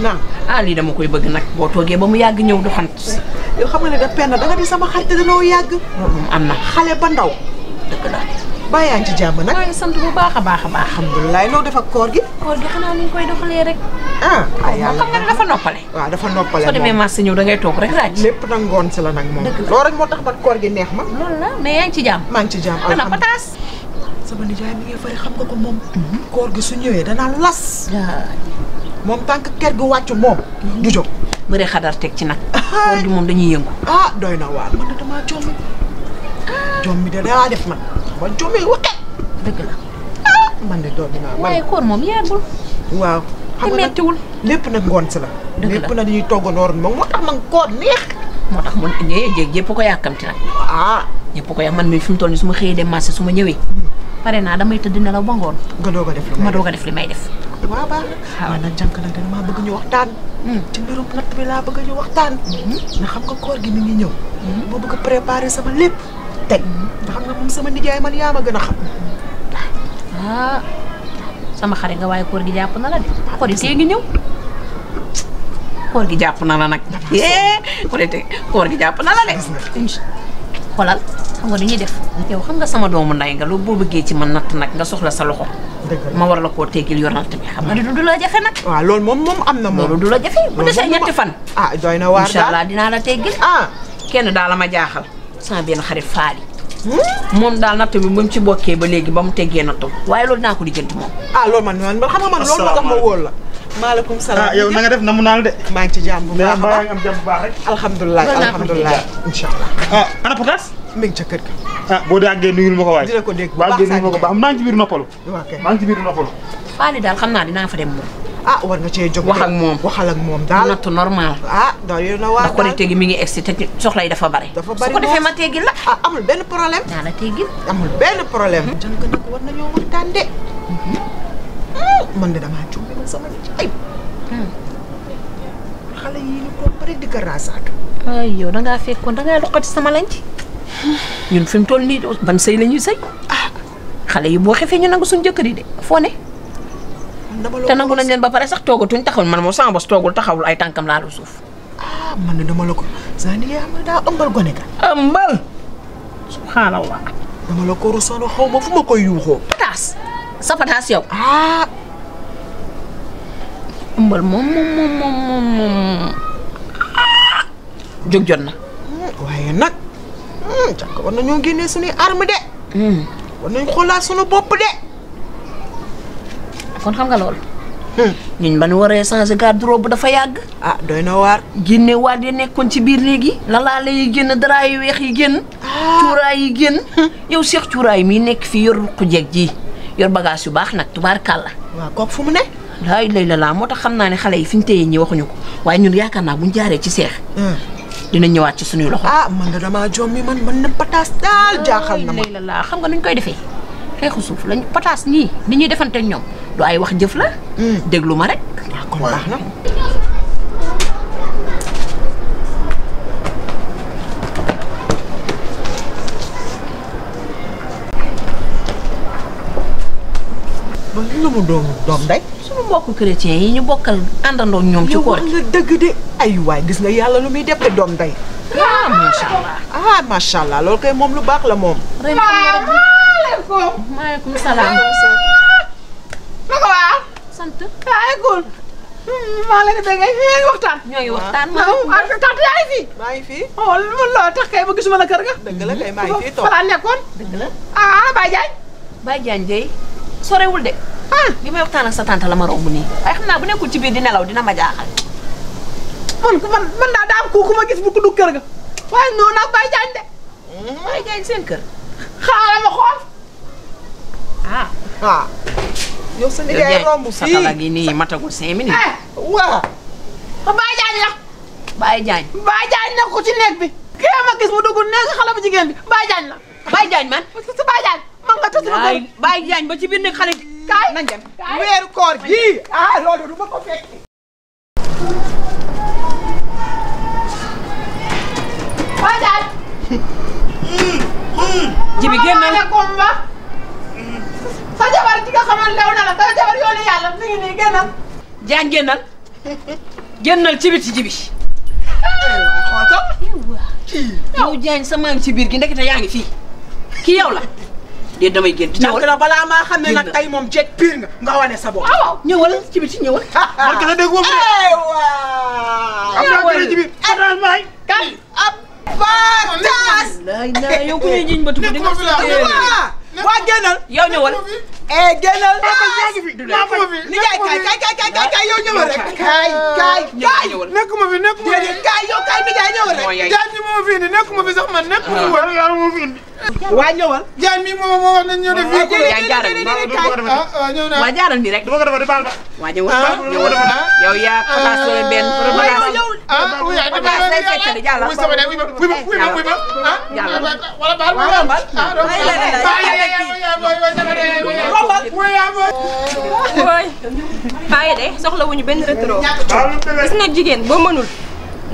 Nah, ali dama koy bëgg nak bo toge ba mu yag ñew du xant yo xam nga da pen da nga di sama xarit dañoo yag am na xalé ba ndaw deug la bayan ci jamm nak ay sant bu baaxa baaxa baax alhamdullilah lo def ak koor gi koor gi xana ni koy doxale rek ah ay yalla xam nga dafa noppale wa dafa noppale so demé mars ñew da ngay tok rek raaj lepp nak ngon ci la nak mom lo rek mo tax ba koor gi neex ma lool la mais yaang ci jamm mang ci jamm alhamdullilah patas sama nijaay mi ngi fari xam nga ko mom mm-hmm. koor gi su ñewé dana las mom tank kër gu waccu mom du jóg bëree xadar tek ci nak koor gi moom dañuy yëngu ah doyna na man dama damaa jommi jommi da la def man ba jommi waxee deug la man de doyna man way koor mom yàggul waaw xam nga mettiwul lépp nag ngoon si la lepp nag dañuy toggandoor moom moo tax man ko neex moo tax mun ñee jéeg yëpp ko ci nak ah ñepp ko yak man mi fim mu suma nii dem marché suma ñewé paré na damay tëdd na la ngoon nga doga def lu ma doga def limay def waaba maanaam jànkalante ne maa bëgg ñu waxtaan ci mbirum natt bi laa bëgg ñu waxtaan na xam nga koor gi mi ngi ñëw sama lip, tek nga xam nga sama nijaay man yaa ma ah sama xare nga waaye koor gi jàpp na la de koor gi ngi ñëw koor gi jàpp na la eh koor gi koor gi sama doomu nday nga ci man nga ma war la koo teggil yoral tamit xam nga du la jafe nag waaw moom moom am na moom loolu du la jafe bu desee ñetti fan ah doy na waar incha allah dinaa la teggil ah kenn daal la ma jaaxal sama benn xarit faali hmm? moom daal natt bi ba mu ci bokkee ba léegi ba mu teggee nattu waaye loolu dinaa ko lijjanti moom ah loolu man man xam nga man loolu moo la maaleykum ah, salaam yow na nga def namu naal de maa ngi ci jàmm bu baax a baax am jàmm bu baax rek alhamdulilah alhamdulilah incha allah ah ana pataas mi ngi ca kër ga. ah boo dàggee ma ko waay. ko dégg bu baax ko baax maa ngi ci biir noppalu. waaw kay maa ngi ci biir noppalu. Fally xam naa dinaa fa dem moom. ah war nga cee wax ak moom waxal ak moom daal natt normal. ah daal yéen a waa daal gi mi ngi egsi te soxla yi dafa bari. dafa bari su ko defee ma teggil la. ah amul benn problème. naa la teggil amul benn problème. Mhm. jàng nag war nañoo waxtaan de. Mhm. Mm, man de damaa jóg bi ma sama ay. Hmm. xale yi ñu ko bëri di ko raasaat. ay yow da ngaa fekkoon da ngaa loqati sama lañ ci ñun fi mu toll nii ban sëy la ñuy sëy ah xale yi boo xefee ñu nangu suñ jëkkër yi de foo ne. te nangu nañ leen ba pare sax toogatuñ taxawul man moom sama bos toogul taxawul ay tànkam laalu suuf. ah man de dama la ko Zane yaa ma daa ëmbal gone ka. ëmbal. subhanallah. dama la ko rusoon xaw ma fu ma koy yuuxoo. pataas sa pataas yow. ah. ëmbal moom moom moom moom moom. jóg hmm, waaye nag. jàkk war nañoo génnee suñuy arme de. Hmm. war nañ xoolaat suñu bopp de. kon xam nga loolu. Hmm. ñun ba ñu waree changer garde-robe dafa yàgg. ah doy na waar. génne waat yi nekkoon ci biir léegi. lalaale yi génn dara yu weex yi génn. Ah. cuuraay yi génn. Hmm. yow Cheikh cuuraay mi nekk fi yor ruq jeeg ji yor bagage yu baax nag tubaarkàlla. waaw kook fu mu ne. daay lay la laa moo tax xam naa ne xale yi fi ñu téye ñi waxuñu ko waaye ñun naa bu ñu jaaree ci seex. dina ñëwaat ci suñuy loxo ah man da dama jommi man man na patas dal jaaxal na ma la la xam nga nuñ koy defé xeexu suuf lañ patas ni ni ñi defante ñom du ay wax jëf la hmm. déglu ma rek ah kon baax na ba lu mu doom doom mbokk chrétien yi ñu bokkal andando ñom ci koor nga dëgg de ay way gis nga yalla lu muy def de dom day ya, ah macha allah ah macha allah loolu kay mom lu bax la mom ren salam. salaam naka waa sant ya, hmm, maaleykum la waxtaan waxtaan ma oh mun loo tax kay ba gisuma la kër ga dëgg la kay maa ngi ah bayang. Bayang Diagne sorewul de ah li may waxtaan ak sa tante la ma romb nii waaye xam naa bu nekkul ci biir di nelaw dina ma jaaxal. man man daa am ku ma gis bu ku dugg ga waaye noonu ak Baye de. Hmm, Baye Diagne seen kër. xaaral ma xool. ah waaw. Ah. yow sa romb fii sa gi nii matagul cinq minutes. Eh, waaw. ba Baye Diagne la. Baye nekk bi. kii ma gis mu dugg néeg xale jigéen bi Baye Diagne la. Baye Diagne man parce que sa Baye waaw jaañ ba ci biir nekk xale kaay nañ dem weeru koor gi ah loolu du ma ko fekk Fadal. jibi génnal maaleykum ba. sa jabar ji nga xamal lew na la ci jibi. xool ko. jaañ sa maa ngi ci biir gi ndekete yaa ngi fii kii yow la. dee damay génn. ñëwal nag balaa maa xam ne nag tey moom jeeg pire nga nga wane sa bopp. Ah waaw ñëwal ci biti ñëwal. man kese dégg moom. Eh, waaw ñëwal ci biir. Eh, kan ab. Fatas. laay yow ku ñuy jiñ ba tukki. nekkuma fi la waa génnal. yow ñëwal. eh génnal. nekkuma fi ni kay kay kay kay kay yow ñëwal rek. kay kay kay. nekkuma fi nekkuma fi. kay yow kay ni kay ñëwal rek. jaajëf moo fi indi nekkuma fi sax man nekkuma fi. waaw ah. yaa moo fi indi. waa ñëwal. Diagne mi moom moo wax nañ ñëw def. fii ku ne jaaral nii waaw jaaral nii rek. du ma ko defati baal ba. waa ñëwal ba ñëwal ba. yow yaa Fatas wala benn. ah oui ah dama la yor ah jàll. muy sama dem muy ma muy ma muy ma. jàll wala baal ma baal. ah donc baal ma baal de soxlawuñu benn rétro. gis nga jigéen boo mënul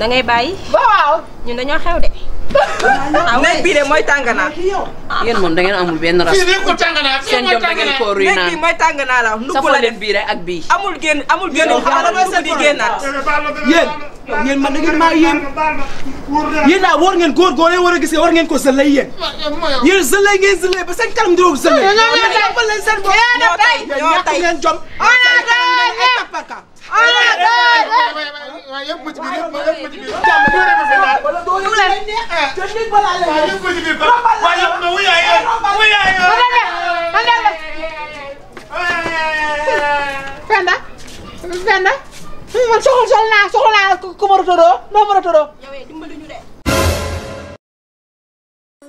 da ngay bàyyi. waaw ñun dañoo xew de. nekk bii de mooy tànganaa. yéen moom da ngeen amul benn rafet. fii nekkul tànganaa fii mooy tànganaa nekk bii mooy tànganaa la ndugg la leen bii rek ak bii. amul génn amul génn xaaral ndugg di génnaat. yéen yéen man da ngeen maa yéen yéen daal war ngeen góor góor yi war a gis war ngeen ko sëlay yéen. yéen sëlay ngeen sëlay ba seen kanam ndiroog sëlay. ñoo a ñoo tey ñoo tey ñoo tey ñoo tey yëpp ma ci biir yëpp ma ci biir. wala doo yëpp ma ci biir. waaw yëpp ma ci biir. waaw yëpp ma wuyaayoo wuyaayoo. Fenda. Fenda. Hmm, man soxla soxla naa soxla naa ku ma rotoroo noo ma rotoroo.